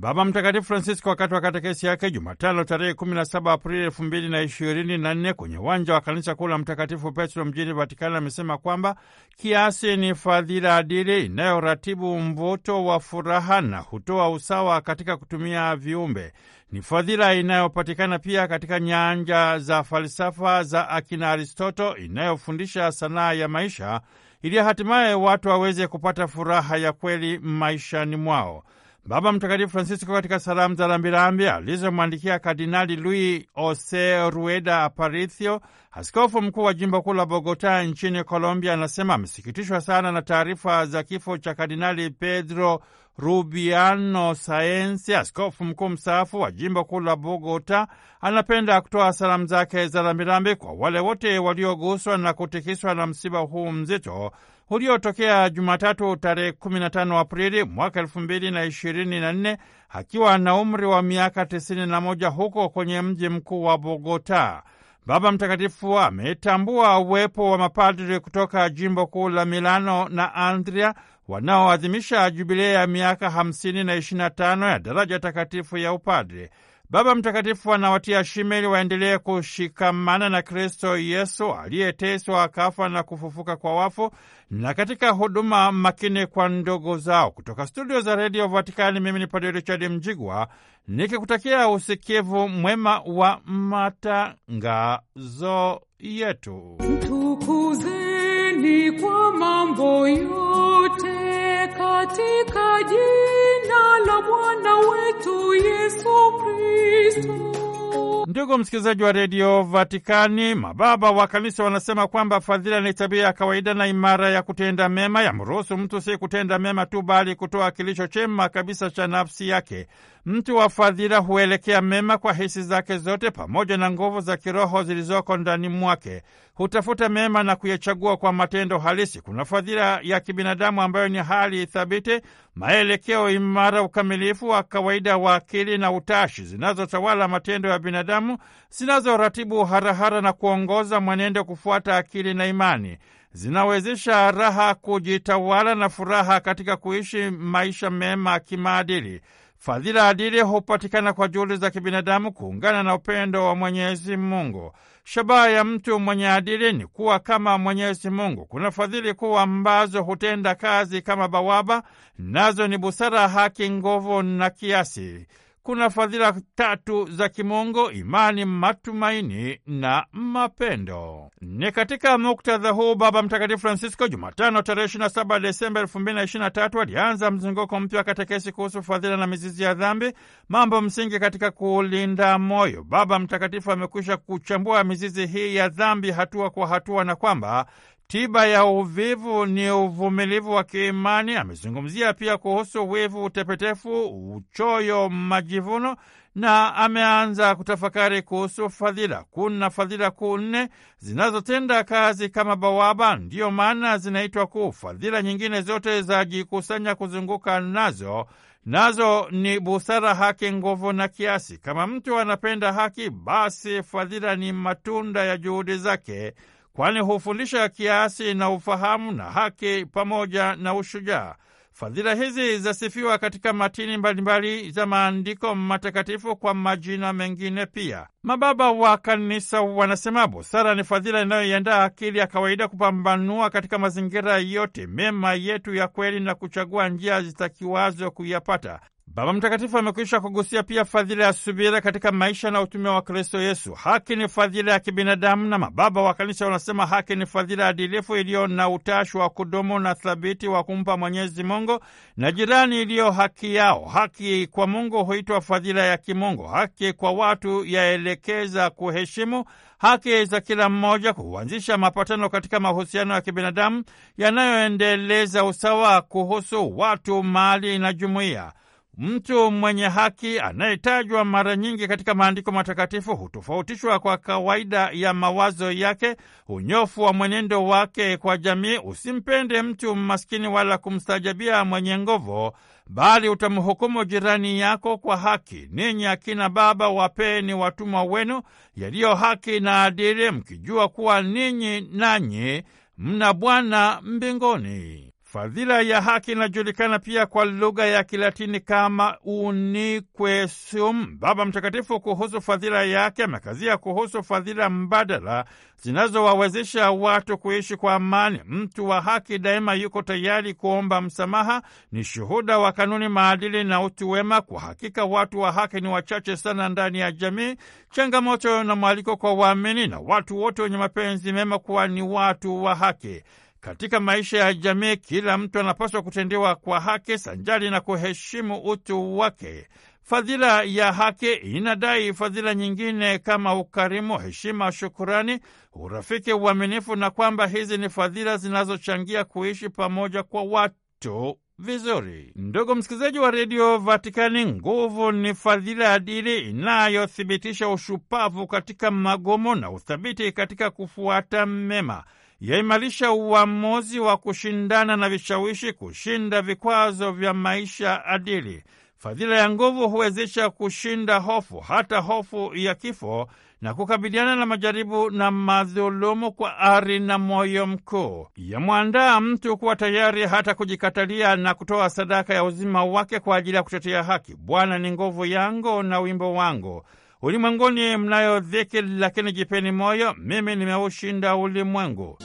Baba Mtakatifu Francisco wakati wa katekesi yake Jumatano tarehe 17 Aprili 2024 kwenye uwanja wa kanisa kuu la Mtakatifu Petro mjini Vatikani amesema kwamba kiasi ni fadhila adili inayoratibu mvuto wa furaha na hutoa usawa katika kutumia viumbe. Ni fadhila inayopatikana pia katika nyanja za falsafa za akina Aristoto inayofundisha sanaa ya maisha ili hatimaye watu waweze kupata furaha ya kweli maishani mwao. Baba Mtakatifu Francisco katika salamu za rambirambi alizomwandikia Kardinali Luis Ose Rueda Aparicio, askofu mkuu wa jimbo kuu la bogota nchini Colombia, anasema amesikitishwa sana na taarifa za kifo cha Kardinali Pedro Rubiano Saensi, askofu mkuu mstaafu wa jimbo kuu la Bogota. Anapenda kutoa salamu zake za rambirambi kwa wale wote walioguswa na kutikiswa na msiba huu mzito uliotokea Jumatatu tarehe 15 Aprili mwaka 2024 akiwa na umri wa miaka 91 huko kwenye mji mkuu wa Bogota. Baba Mtakatifu ametambua uwepo wa mapadri kutoka jimbo kuu la Milano na Andria wanaoadhimisha jubilei ya miaka 50 na 25 ya daraja takatifu ya upadri. Baba Mtakatifu anawatia shime ili waendelee kushikamana na Kristo Yesu aliyeteswa akafa na kufufuka kwa wafu, na katika huduma makini kwa ndogo zao. Kutoka studio za redio Vatikani, mimi ni Padre Richard Mjigwa nikikutakia usikivu mwema wa matangazo yetu. Tukuzeni kwa mambo yote katika jina la Bwana wetu Yesu Kristo. Ndugu msikilizaji wa redio Vatikani, mababa wa kanisa wanasema kwamba fadhila ni tabia ya kawaida na imara ya kutenda mema, yamruhusu mtu si kutenda mema tu, bali kutoa kilicho chema kabisa cha nafsi yake. Mtu wa fadhila huelekea mema kwa hisi zake zote pamoja na nguvu za kiroho zilizoko ndani mwake. Hutafuta mema na kuyachagua kwa matendo halisi. Kuna fadhila ya kibinadamu ambayo ni hali thabiti, maelekeo imara, ukamilifu wa kawaida wa akili na utashi, zinazotawala matendo ya binadamu, zinazoratibu harahara na kuongoza mwenendo kufuata akili na imani zinawezesha raha kujitawala na furaha katika kuishi maisha mema kimaadili. Fadhila adili hupatikana kwa juhudi za kibinadamu kuungana na upendo wa Mwenyezi Mungu. Shabaha ya mtu mwenye adili ni kuwa kama Mwenyezi Mungu. Kuna fadhili kuu ambazo hutenda kazi kama bawaba, nazo ni busara, haki, nguvu na kiasi kuna fadhila tatu za kimungu: imani, matumaini na mapendo. Ni katika muktadha huu Baba Mtakatifu Francisco Jumatano tarehe 27 Desemba 2023 alianza mzunguko mpya wa katekesi kuhusu fadhila na mizizi ya dhambi, mambo msingi katika kulinda moyo. Baba Mtakatifu amekwisha kuchambua mizizi hii ya dhambi hatua kwa hatua, na kwamba Tiba ya uvivu ni uvumilivu wa kiimani. Amezungumzia pia kuhusu wivu, utepetefu, uchoyo, majivuno na ameanza kutafakari kuhusu fadhila. Kuna fadhila kuu nne zinazotenda kazi kama bawaba, ndiyo maana zinaitwa kuu. Fadhila nyingine zote zajikusanya kuzunguka nazo, nazo ni busara, haki, nguvu na kiasi. Kama mtu anapenda haki, basi fadhila ni matunda ya juhudi zake kwani hufundisha kiasi na ufahamu na haki pamoja na ushujaa. Fadhila hizi zasifiwa katika matini mbalimbali za maandiko matakatifu kwa majina mengine pia. Mababa wa Kanisa wanasema busara ni fadhila inayoiandaa akili ya kawaida kupambanua katika mazingira yote mema yetu ya kweli na kuchagua njia zitakiwazo kuyapata. Baba Mtakatifu amekwisha kugusia pia fadhila ya subira katika maisha na utume wa Kristo Yesu. Haki ni fadhila ya kibinadamu, na mababa wa Kanisa wanasema haki ni fadhila adilifu iliyo na utashi wa kudumu na thabiti wa kumpa Mwenyezi Mungu na jirani iliyo haki yao. Haki kwa Mungu huitwa fadhila ya kimungu. Haki kwa watu yaelekeza kuheshimu haki za kila mmoja, kuanzisha mapatano katika mahusiano ya kibinadamu yanayoendeleza usawa kuhusu watu, mali na jumuiya. Mtu mwenye haki anayetajwa mara nyingi katika maandiko matakatifu hutofautishwa kwa kawaida ya mawazo yake, unyofu wa mwenendo wake kwa jamii. Usimpende mtu maskini wala kumstajabia mwenye nguvu, bali utamhukumu jirani yako kwa haki. Ninyi akina baba, wapeni watumwa wenu yaliyo haki na adili, mkijua kuwa ninyi nanyi mna Bwana mbinguni. Fadhila ya haki inajulikana pia kwa lugha ya Kilatini kama unikwesum Baba Mtakatifu kuhusu fadhila yake amekazia kuhusu fadhila mbadala zinazowawezesha watu kuishi kwa amani. Mtu wa haki daima yuko tayari kuomba msamaha, ni shuhuda wa kanuni, maadili na utu wema. Kwa hakika watu wa haki ni wachache sana ndani ya jamii, changamoto na mwaliko kwa waamini na watu wote wenye mapenzi mema kuwa ni watu wa haki. Katika maisha ya jamii, kila mtu anapaswa kutendewa kwa haki sanjali na kuheshimu utu wake. Fadhila ya haki inadai fadhila nyingine kama ukarimu, heshima, shukurani, urafiki, uaminifu na kwamba hizi ni fadhila zinazochangia kuishi pamoja kwa watu vizuri. Ndugu msikilizaji wa redio Vatikani, nguvu ni fadhila ya dili inayothibitisha ushupavu katika magumu na uthabiti katika kufuata mema yaimarisha uamuzi wa kushindana na vishawishi, kushinda vikwazo vya maisha adili. Fadhila ya nguvu huwezesha kushinda hofu, hata hofu ya kifo, na kukabiliana na majaribu na madhulumu kwa ari na moyo mkuu. Yamwandaa mtu kuwa tayari hata kujikatalia na kutoa sadaka ya uzima wake kwa ajili ya kutetea haki. Bwana ni nguvu yangu na wimbo wangu. Ulimwenguni mnayo dhiki, lakini jipeni moyo, mimi nimeushinda ulimwengu.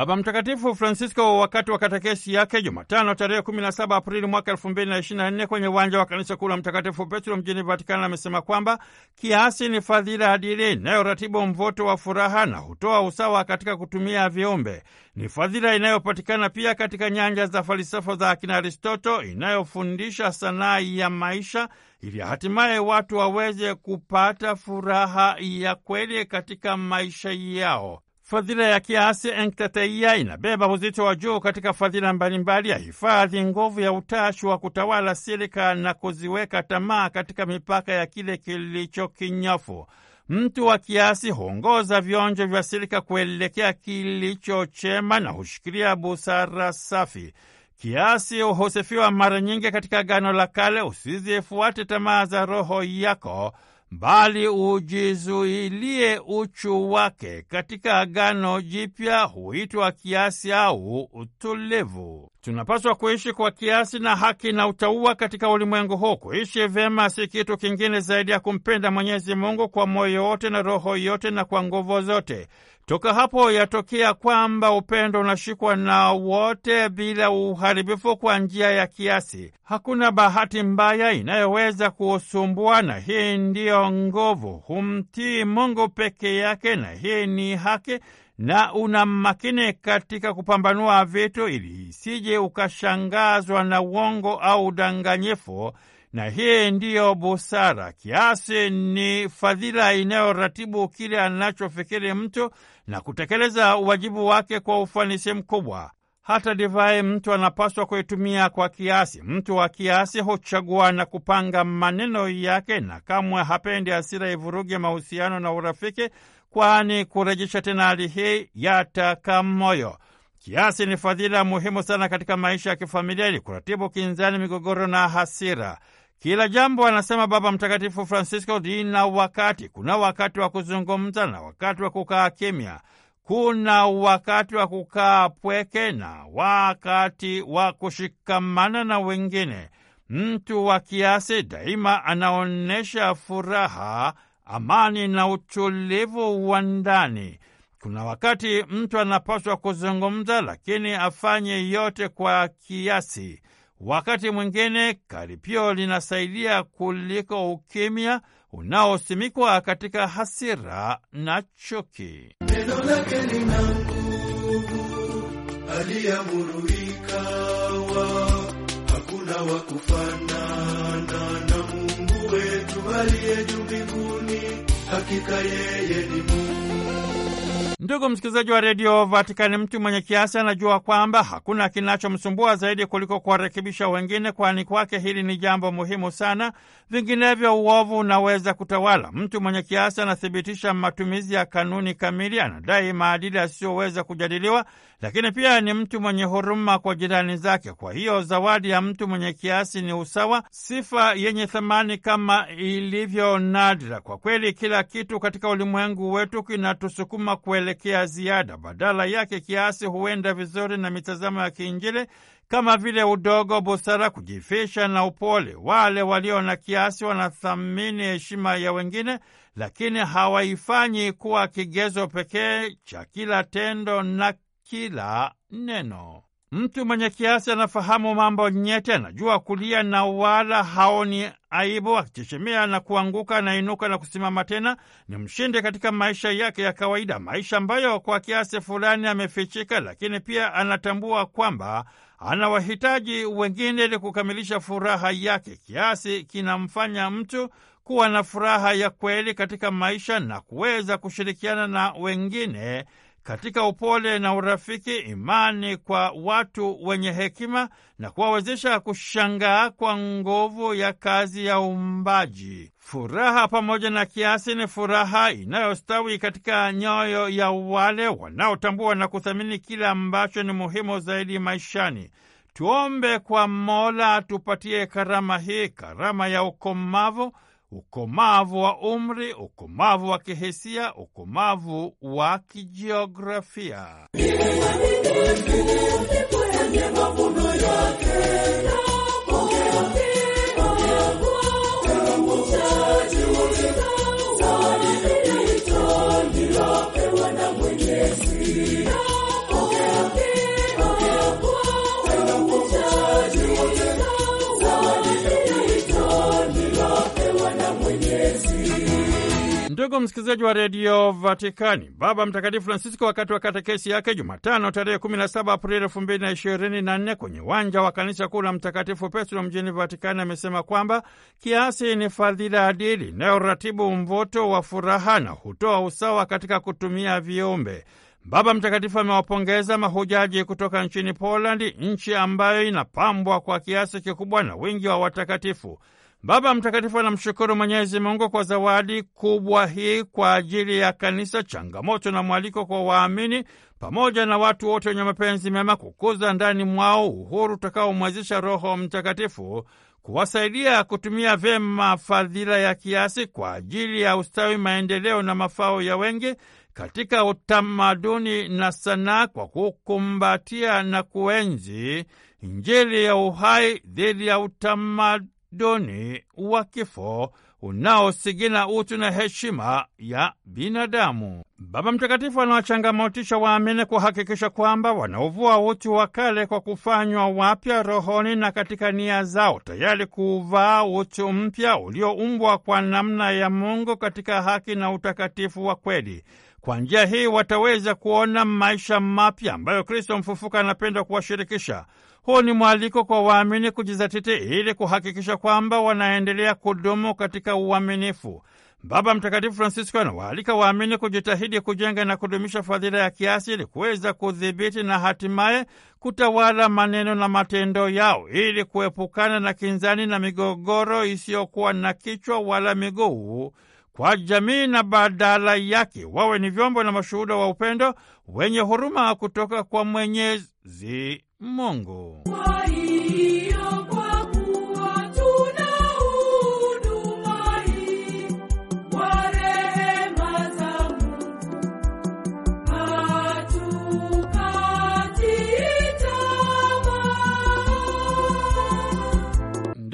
Baba Mtakatifu Francisco wakati wa katekesi yake Jumatano tarehe 17 Aprili mwaka 2024 kwenye uwanja wa kanisa kuu la Mtakatifu Petro mjini Vatikani amesema kwamba kiasi ni fadhila adili inayoratibu mvoto wa furaha na hutoa usawa katika kutumia viumbe. Ni fadhila inayopatikana pia katika nyanja za falsafa za akina Aristoto inayofundisha sanaa ya maisha ili hatimaye watu waweze kupata furaha ya kweli katika maisha yao. Fadhila ya kiasi enktataia inabeba uzito wa juu katika fadhila mbalimbali ya hifadhi nguvu ya utashi wa kutawala silika na kuziweka tamaa katika mipaka ya kile kilicho kinyofu. Mtu wa kiasi huongoza vionjo vya silika kuelekea kilicho chema na hushikilia busara safi. Kiasi husifiwa mara nyingi katika Agano la Kale. Usizifuate tamaa za roho yako bali ujizuilie uchu wake. Katika Agano Jipya huitwa kiasi au utulivu. Tunapaswa kuishi kwa kiasi na haki na utauwa katika ulimwengu huu. Kuishi vyema si kitu kingine zaidi ya kumpenda Mwenyezi Mungu kwa moyo wote na roho yote na kwa nguvu zote. Toka hapo yatokea kwamba upendo unashikwa na wote bila uharibifu kwa njia ya kiasi. Hakuna bahati mbaya inayoweza kuusumbua, na hii ndiyo nguvu. Humtii Mungu peke yake, na hii ni haki, na una makini katika kupambanua vitu, ili isije ukashangazwa na uongo au udanganyifu na hii ndiyo busara. Kiasi ni fadhila inayoratibu kile anachofikiri mtu na kutekeleza uwajibu wake kwa ufanisi mkubwa. Hata divai mtu anapaswa kuitumia kwa kiasi. Mtu wa kiasi huchagua na kupanga maneno yake, na kamwe hapendi hasira ivuruge mahusiano na urafiki, kwani kurejesha tena hali hii yataka moyo. Kiasi ni fadhila muhimu sana katika maisha ya kifamilia, ili kuratibu kinzani, migogoro na hasira. Kila jambo, anasema Baba Mtakatifu Francisco, lina wakati. Kuna wakati wa kuzungumza na wakati wa kukaa kimya, kuna wakati wa kukaa pweke na wakati wa kushikamana na wengine. Mtu wa kiasi daima anaonyesha furaha, amani na utulivu wa ndani. Kuna wakati mtu anapaswa kuzungumza, lakini afanye yote kwa kiasi. Wakati mwingine karipio linasaidia kuliko ukimya unaosimikwa katika hasira na chuki. Neno lake lina nguvu, aliamuru ikawa, hakuna wa kufanana na Mungu wetu aliye juu mbinguni, hakika yeye ni Mungu. Ndugu msikilizaji wa redio Vatikani, mtu mwenye kiasi anajua kwamba hakuna kinachomsumbua zaidi kuliko kuwarekebisha wengine, kwani kwake hili ni jambo muhimu sana, vinginevyo uovu unaweza kutawala. Mtu mwenye kiasi anathibitisha matumizi ya kanuni kamili, anadai maadili asiyoweza kujadiliwa lakini pia ni mtu mwenye huruma kwa jirani zake. Kwa hiyo zawadi ya mtu mwenye kiasi ni usawa, sifa yenye thamani kama ilivyo nadra. Kwa kweli, kila kitu katika ulimwengu wetu kinatusukuma kuelekea ziada. Badala yake, kiasi huenda vizuri na mitazamo ya kiinjili kama vile udogo, busara, kujifisha na upole. Wale walio na kiasi wanathamini heshima ya wengine, lakini hawaifanyi kuwa kigezo pekee cha kila tendo na kila neno. Mtu mwenye kiasi anafahamu mambo nyete, anajua kulia na wala haoni aibu, akichechemea na kuanguka, anainuka na kusimama tena. Ni mshindi katika maisha yake ya kawaida, maisha ambayo kwa kiasi fulani amefichika, lakini pia anatambua kwamba ana wahitaji wengine ili kukamilisha furaha yake. Kiasi kinamfanya mtu kuwa na furaha ya kweli katika maisha na kuweza kushirikiana na wengine katika upole na urafiki, imani kwa watu wenye hekima na kuwawezesha kushangaa kwa nguvu ya kazi ya uumbaji. Furaha pamoja na kiasi ni furaha inayostawi katika nyoyo ya wale wanaotambua na kuthamini kile ambacho ni muhimu zaidi maishani. Tuombe kwa Mola tupatie karama hii, karama ya ukomavu ukomavu wa umri, ukomavu wa kihisia, ukomavu wa kijiografia. Ndugu msikilizaji wa redio Vatikani, Baba Mtakatifu Francisco wakati wa katekesi yake Jumatano tarehe 17 Aprili 2024 kwenye uwanja wa kanisa kuu la Mtakatifu Petro mjini Vatikani amesema kwamba kiasi ni fadhila adili inayoratibu mvuto wa furaha na hutoa usawa katika kutumia viumbe. Baba Mtakatifu amewapongeza mahujaji kutoka nchini Polandi, nchi ambayo inapambwa kwa kiasi kikubwa na wingi wa watakatifu. Baba Mtakatifu anamshukuru Mwenyezi Mungu kwa zawadi kubwa hii kwa ajili ya kanisa, changamoto na mwaliko kwa waamini pamoja na watu wote wenye mapenzi mema kukuza ndani mwao uhuru utakaomwezesha Roho Mtakatifu kuwasaidia kutumia vyema fadhila ya kiasi kwa ajili ya ustawi, maendeleo na mafao ya wengi katika utamaduni na sanaa kwa kukumbatia na kuenzi Injili ya uhai dhidi ya utamaduni duni wa kifo unaosigina utu na heshima ya binadamu. Baba Mtakatifu anawachangamotisha waamini kuhakikisha kwamba wanaovua utu wa kale kwa kufanywa wapya rohoni na katika nia zao, tayari kuuvaa utu mpya ulioumbwa kwa namna ya Mungu katika haki na utakatifu wa kweli. Kwa njia hii wataweza kuona maisha mapya ambayo Kristo mfufuka anapenda kuwashirikisha. Huu ni mwaliko kwa waamini kujizatiti ili kuhakikisha kwamba wanaendelea kudumu katika uaminifu. Baba Mtakatifu Francisco anawaalika waamini kujitahidi kujenga na kudumisha fadhila ya kiasi ili kuweza kudhibiti na hatimaye kutawala maneno na matendo yao ili kuepukana na kinzani na migogoro isiyokuwa na kichwa wala miguu kwa jamii na badala yake wawe ni vyombo na mashuhuda wa upendo wenye huruma kutoka kwa Mwenyezi Mungu.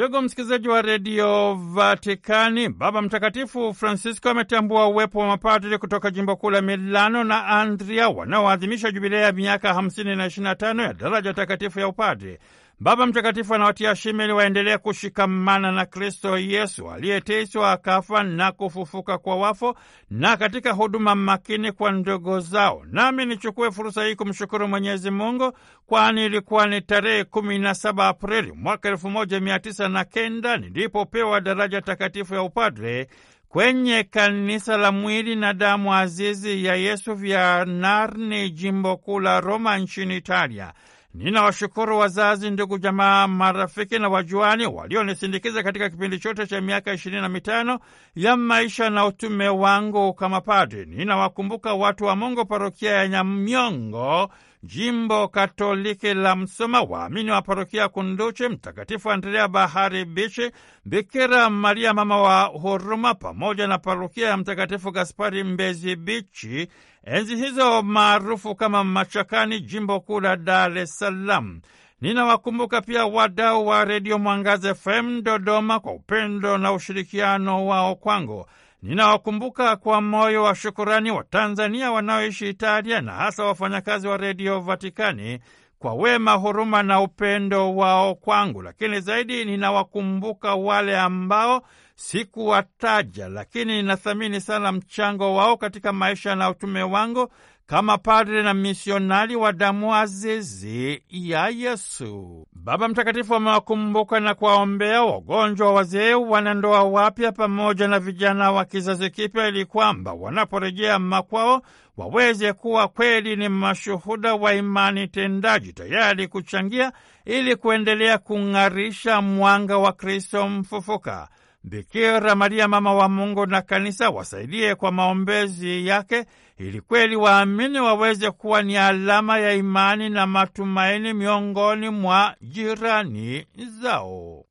Ndugu msikilizaji wa redio Vatikani, Baba Mtakatifu Francisco ametambua uwepo wa mapadri kutoka jimbo kuu la Milano na Andria wanaoadhimisha jubilea ya miaka hamsini ya daraja takatifu ya upadri. Baba Mtakatifu anawatia shime ili waendelee kushikamana na Kristo Yesu aliyeteswa akafa na kufufuka kwa wafo, na katika huduma makini kwa ndogo zao. Nami nichukue fursa hii kumshukuru Mwenyezi Mungu, kwani ilikuwa ni tarehe kumi na saba Aprili mwaka elfu moja mia tisa na kenda nilipopewa daraja takatifu ya upadre kwenye kanisa la mwili na damu azizi ya Yesu vya Narni, jimbo kuu la Roma nchini Italia. Ninawashukuru wazazi, ndugu, jamaa, marafiki na wajuani walionisindikiza katika kipindi chote cha miaka ishirini na mitano ya maisha na utume wangu kama padri. Ninawakumbuka watu wa Mungu, parokia ya Nyamyongo jimbo Katoliki la Msoma, waamini wa parokia Kunduchi, Mtakatifu Andrea Bahari Bichi, Bikira Maria mama wa huruma, pamoja na parokia ya Mtakatifu Gaspari Mbezi Bichi, enzi hizo maarufu kama Machakani, jimbo kuu la Dar es Salaam. Ninawakumbuka pia wadau wa Redio Mwangaza FM Dodoma kwa upendo na ushirikiano wao kwangu. Ninawakumbuka kwa moyo wa shukurani wa tanzania wanaoishi Italia na hasa wafanyakazi wa redio Vatikani kwa wema, huruma na upendo wao kwangu, lakini zaidi ninawakumbuka wale ambao sikuwataja, lakini ninathamini sana mchango wao katika maisha na utume wangu kama padre na misionari wa damu azizi ya Yesu. Baba Mtakatifu amewakumbuka na kuwaombea wagonjwa, wazee, wanandoa wapya pamoja na vijana wa kizazi kipya, ili kwamba wanaporejea makwao waweze kuwa kweli ni mashuhuda wa imani tendaji, tayari kuchangia ili kuendelea kung'arisha mwanga wa Kristo mfufuka. Bikira Maria mama wa Mungu na Kanisa wasaidie kwa maombezi yake ili kweli waamini waweze kuwa ni alama ya imani na matumaini miongoni mwa jirani zao.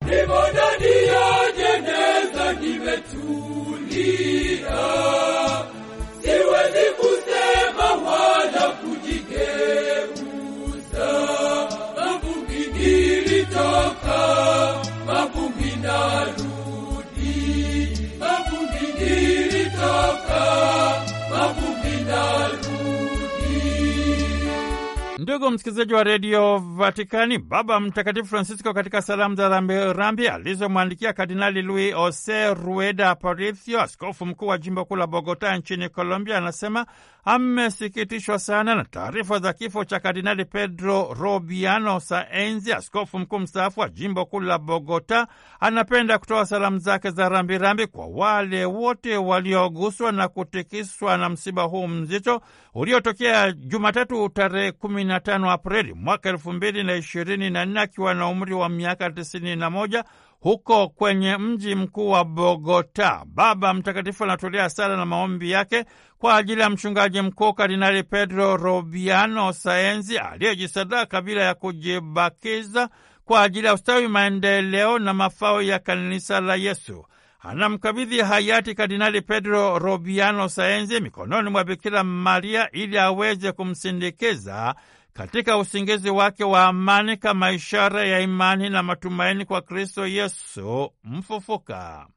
Nimetu Ndugu msikilizaji wa redio Vatikani, Baba Mtakatifu Francisco katika salamu za rambirambi alizomwandikia Kardinali Luis Ose Rueda Aparicio, askofu mkuu wa jimbo kuu la Bogota nchini Colombia, anasema amesikitishwa sana na taarifa za kifo cha Kardinali Pedro Robiano Saenzi, askofu mkuu mstaafu wa jimbo kuu la Bogota. Anapenda kutoa salamu zake za rambirambi kwa wale wote walioguswa na kutikiswa na msiba huu mzito uliotokea Jumatatu tarehe 15 Aprili mwaka 2024 akiwa na umri wa miaka 91 huko kwenye mji mkuu wa Bogota. Baba Mtakatifu anatolea sala na maombi yake kwa ajili ya mchungaji mkuu Kardinali Pedro Robiano Saenzi aliyejisadaka bila ya kujibakiza kwa ajili ya ustawi, maendeleo na mafao ya kanisa la Yesu. Anamkabidhi hayati Kardinali Pedro Robiano Saenzi mikononi mwa Bikira Maria ili aweze kumsindikiza katika usingizi wake wa amani kama ishara ya imani na matumaini kwa Kristo Yesu mfufuka.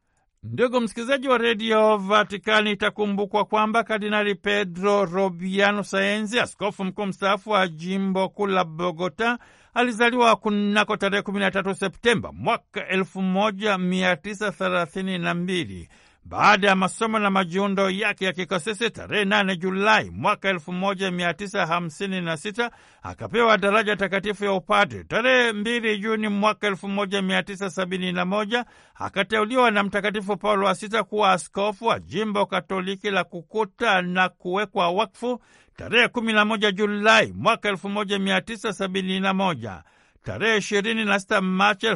Ndugu msikilizaji wa redio Vatikani, itakumbukwa kwamba Kardinali Pedro Robiano Saenzi, askofu mkuu mstaafu wa jimbo kuu la Bogota, alizaliwa kunako tarehe 13 Septemba mwaka 1932 baada ya masomo na majiundo yake ya kikasisi tarehe 8 Julai mwaka 1956 akapewa daraja takatifu ya upadre. Tarehe 2 Juni mwaka 1971 akateuliwa na Mtakatifu Paulo wa Sita kuwa askofu wa jimbo Katoliki la Kukuta na kuwekwa wakfu tarehe 11 Julai mwaka 1971 tarehe sita Machi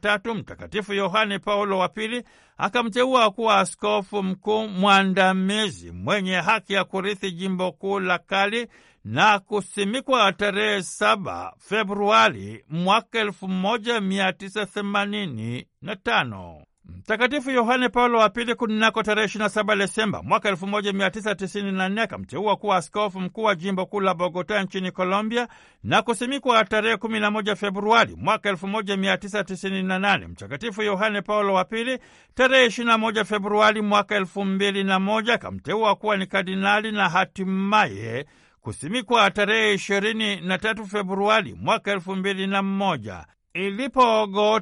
tatu Mtakatifu Yohane Paulo wa Pili akamteua kuwa askofu mkuu mwandamizi mwenye haki ya kurithi jimbo kuu la Kali na kusimikwa tarehe saba Februari mwaka 1985. Mtakatifu Yohane Paulo wa Pili kunako tarehe 27 Desemba mwaka 1994 akamteua kuwa askofu mkuu wa jimbo kuu la Bogota nchini Colombia na kusimikwa tarehe 11 Februari mwaka 1998. Mtakatifu Yohane Paulo wa Pili tarehe 21 Februari mwaka 2001 akamteua kuwa ni kardinali na hatimaye kusimikwa tarehe 23 Februari mwaka 2001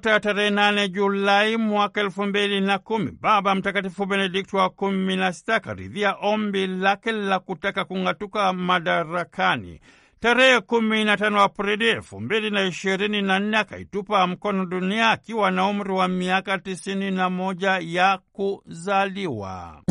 ya tarehe nane Julai mwaka elfu mbili na kumi, Baba Mtakatifu Benedikto wa kumi na sita akaridhia ombi lake la kutaka kung'atuka madarakani. Tarehe kumi na tano Aprili elfu mbili na ishirini na nne akaitupa mkono dunia akiwa na umri wa miaka tisini na moja ya kuzaliwa.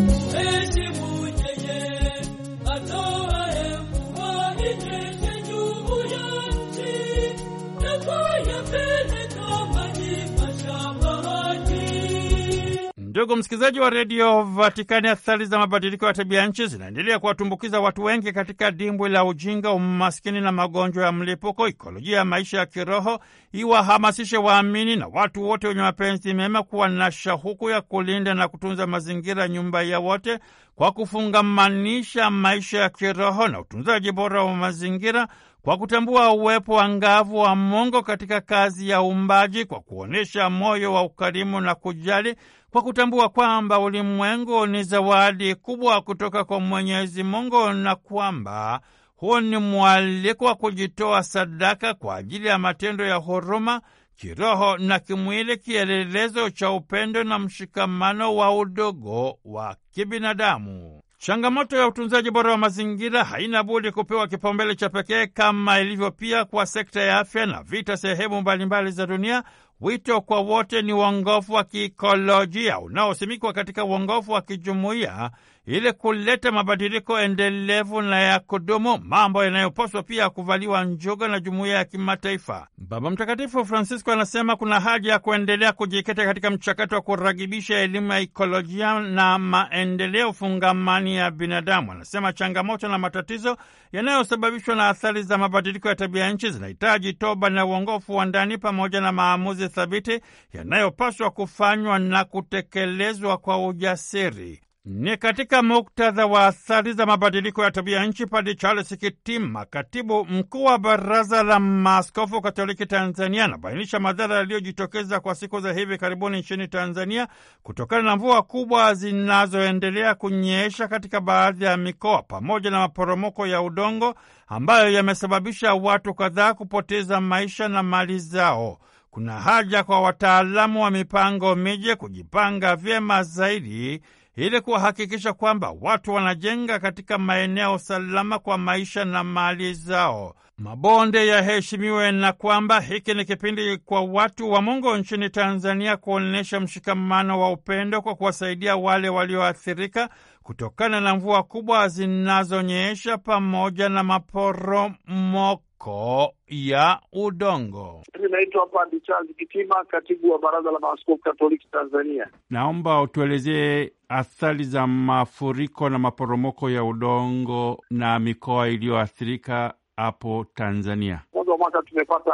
Ndugu msikilizaji wa redio Vatikani, athari za mabadiliko ya tabia nchi zinaendelea kuwatumbukiza watu wengi katika dimbwi la ujinga, umaskini na magonjwa ya mlipuko. Ikolojia ya maisha ya kiroho iwahamasishe waamini na watu wote wenye mapenzi mema kuwa na shauku ya kulinda na kutunza mazingira, nyumba ya wote, kwa kufungamanisha maisha ya kiroho na utunzaji bora wa mazingira kwa kutambua uwepo wa ngavu wa Mungu katika kazi ya uumbaji, kwa kuonyesha moyo wa ukarimu na kujali kwa kutambua kwamba ulimwengu ni zawadi kubwa kutoka kwa Mwenyezi Mungu na kwamba huu ni mwaliko wa kujitoa sadaka kwa ajili ya matendo ya huruma kiroho na kimwili, kielelezo cha upendo na mshikamano wa udogo wa kibinadamu. Changamoto ya utunzaji bora wa mazingira haina budi kupewa kipaumbele cha pekee kama ilivyo pia kwa sekta ya afya na vita sehemu mbalimbali za dunia, Wito kwa wote ni uongofu wa kiikolojia unaosimikwa katika uongofu wa kijumuiya ili kuleta mabadiliko endelevu na ya kudumu, mambo yanayopaswa pia kuvaliwa njuga na jumuiya ya kimataifa. Baba Mtakatifu Francisco anasema kuna haja ya kuendelea kujikita katika mchakato wa kuragibisha elimu ya ikolojia na maendeleo fungamani ya binadamu. Anasema changamoto na matatizo yanayosababishwa na athari za mabadiliko ya tabia nchi zinahitaji toba na uongofu wa ndani pamoja na maamuzi thabiti yanayopaswa kufanywa na kutekelezwa kwa ujasiri. Ni katika muktadha wa athari za mabadiliko ya tabia nchi, Padi Charles Kitima, katibu mkuu wa Baraza la Maaskofu Katoliki Tanzania, anabainisha madhara yaliyojitokeza kwa siku za hivi karibuni nchini Tanzania kutokana na mvua kubwa zinazoendelea kunyesha katika baadhi ya mikoa pamoja na maporomoko ya udongo ambayo yamesababisha watu kadhaa kupoteza maisha na mali zao. Kuna haja kwa wataalamu wa mipango miji kujipanga vyema zaidi ili kuhakikisha kwamba watu wanajenga katika maeneo salama kwa maisha na mali zao. Mabonde yaheshimiwe na kwamba hiki ni kipindi kwa watu wa Mungu nchini Tanzania kuonyesha mshikamano wa upendo kwa kuwasaidia wale walioathirika kutokana na mvua kubwa zinazonyesha pamoja na maporomoko ko ya udongo. Ninaitwa Padi Charles Kitima, katibu wa Baraza la Maaskofu Katoliki Tanzania. Naomba utuelezee athari za mafuriko na maporomoko ya udongo na mikoa iliyoathirika hapo Tanzania. Mwanzo wa mwaka tumepata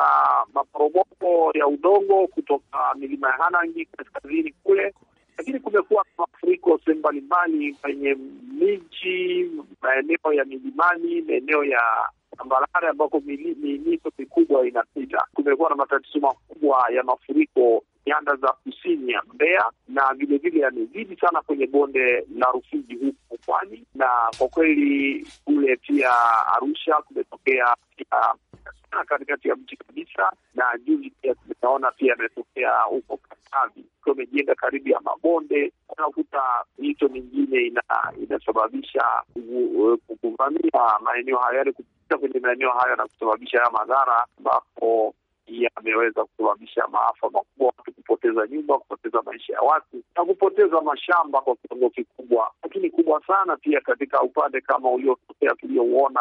maporomoko ya udongo kutoka milima ya Hanangi kaskazini kule, lakini kumekuwa na mafuriko sehemu mbalimbali kwenye miji, maeneo ya milimani, maeneo ya tambarare ambako miinito mikubwa inapita. Kumekuwa na matatizo makubwa ya mafuriko nyanda za kusini ya Mbeya na vilevile yamezidi sana kwenye bonde la Rufiji huku pwani, na kwa kweli kule pia Arusha kumetokea pia sana katikati ya mji kabisa, na juzi pia tumeona pia ametokea huko Katavi, ikiwa imejenga karibu ya mabonde. Unakuta mito mingine ina, inasababisha eh, kuvamia maeneo hayo, yaani kupita kwenye maeneo hayo na kusababisha haya madhara ambapo yameweza kusababisha maafa makubwa kupoteza nyumba, kupoteza maisha ya watu na kupoteza mashamba kwa kiwango kikubwa, lakini kubwa sana pia katika upande kama uliotokea tuliouona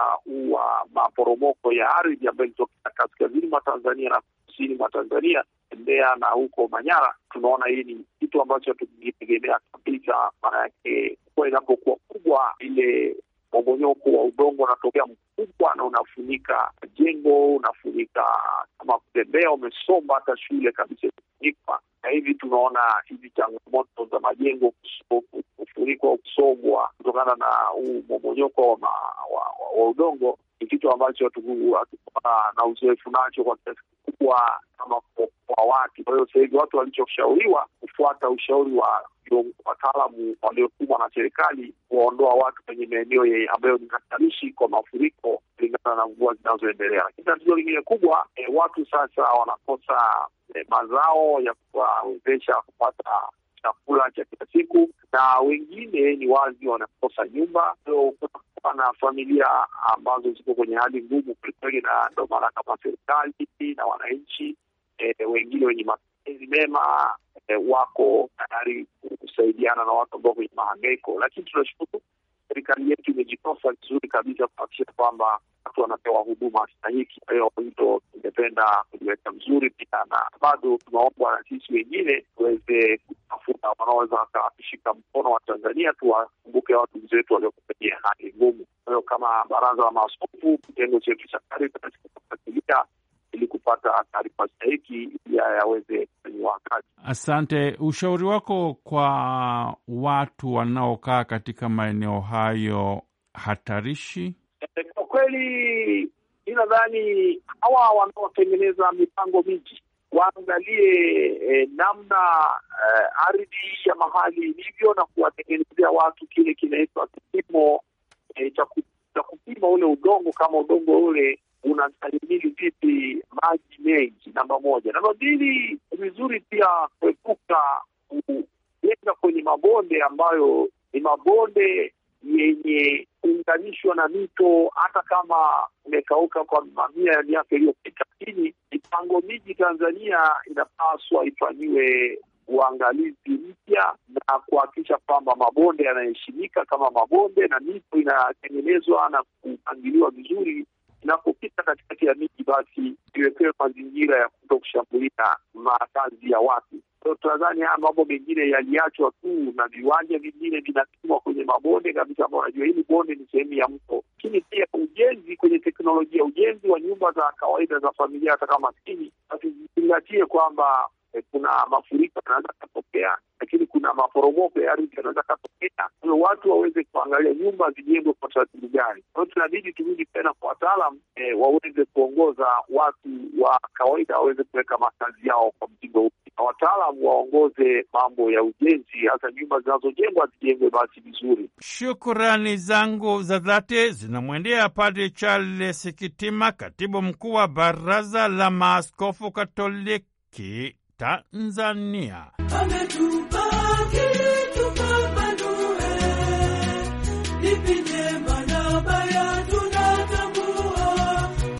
wa maporomoko ya ardhi ambayo ilitokea kaskazini mwa Tanzania na kusini mwa Tanzania, Mbeya na huko Manyara, tunaona hii ni kitu ambacho tukitegemea kabisa. Maana yake kuwa inapokuwa kubwa ile momonyoko wa udongo unatokea mkubwa na unafunika jengo, unafunika kama kutembea, umesomba hata shule kabisa zimefanyika, na hivi tunaona hizi changamoto za majengo kufurikwa, kusogwa kutokana na huu momonyoko wa, wa, wa, wa udongo ni kitu ambacho watu hatukuwa na uzoefu nacho kwa kiasi kikubwa kama kwa watu. Kwa hiyo sasa hivi watu walichoshauriwa kufuata ushauri wa wataalamu waliotumwa na serikali kuwaondoa watu kwenye maeneo ambayo ni hatarishi kwa mafuriko kulingana na mvua zinazoendelea. Lakini tatizo lingine kubwa e, watu sasa wanakosa e, mazao ya kuwawezesha kupata chakula cha kila siku, na wengine ni wazi wanakosa nyumba so, na familia ambazo ziko kwenye hali ngumu kwelikweli, na ndo maana kama serikali na wananchi e, wengine wenye mapenzi mema e, wako tayari kusaidiana na watu ambao kwenye mahangaiko, lakini tunashukuru serikali yetu imejitosa vizuri kabisa kuhakikisha kwamba watu wanapewa huduma stahiki. Kwa hiyo hilo tungependa kuliweka vizuri pia, na bado tunaomba na sisi wengine tuweze kutafuta wanaoweza wakashika mkono wa Tanzania, tuwakumbuke watu wenzetu waliokupetia hali ngumu. Kwa hiyo kama baraza la maaskofu, kitengo chetu cha Caritas taarifa stahiki ili yaweze kufanyiwa kazi. Asante. Ushauri wako kwa watu wanaokaa katika maeneo hayo hatarishi? E, kwa kweli mi nadhani hawa wanaotengeneza mipango miji waangalie e, namna e, ardhi ya mahali ilivyo na kuwatengenezea watu kile kinaitwa kipimo e, cha kupima ule udongo, kama udongo ule unastahimili vipi maji mengi, namba moja. Namba mbili, vizuri pia kuepuka kujenga kwenye mabonde ambayo ni mabonde yenye kuunganishwa na mito, hata kama umekauka kwa mamia ya miaka iliyopita. Lakini mipango miji Tanzania inapaswa ifanyiwe uangalizi mpya na kuhakikisha kwamba mabonde yanaheshimika kama mabonde na mito inatengenezwa na kupangiliwa vizuri inapopita katikati ya miji, basi iwekewe mazingira ya kuto kushambulia makazi ya watu. So, tunadhani haya mambo mengine yaliachwa tu na viwanja vingine vinapimwa kwenye mabonde kabisa, ambao unajua hili bonde ni sehemu ya mto. Lakini pia ujenzi kwenye teknolojia, ujenzi wa nyumba za kawaida za familia hata kama maskini, asizingatie kwamba Eh, kuna mafuriko yanaweza katokea, lakini kuna maporomoko ya ardhi yanaweza katokea. Kwa hiyo watu waweze kuangalia nyumba zijengwe kwa taratibu gani. Kwa hiyo tunabidi turudi tena kwa wataalam e, eh, waweze kuongoza watu wa kawaida waweze kuweka makazi yao kwa mtindo upi, na wataalam waongoze mambo ya ujenzi, hasa nyumba zinazojengwa zijengwe basi vizuri. Shukurani zangu za dhati zinamwendea padi Charles Kitima, katibu mkuu wa Baraza la Maaskofu Katoliki Tanzania.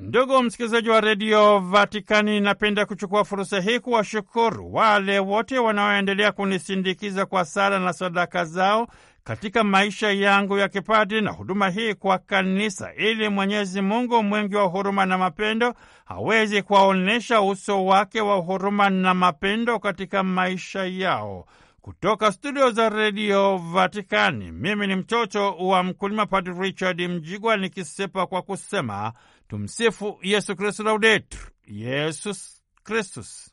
Ndugu msikilizaji wa redio Vatikani, napenda kuchukua fursa hii kuwashukuru wale wote wanaoendelea kunisindikiza kwa sala na sadaka zao katika maisha yangu ya kipadri na huduma hii kwa kanisa, ili Mwenyezi Mungu mwingi wa huruma na mapendo hawezi kuwaonyesha uso wake wa huruma na mapendo katika maisha yao. Kutoka studio za redio Vatikani, mimi ni mtoto wa mkulima, Padri Richard Mjigwa, nikisepa kwa kusema tumsifu Yesu Kristu, laudetur Yesus Kristus.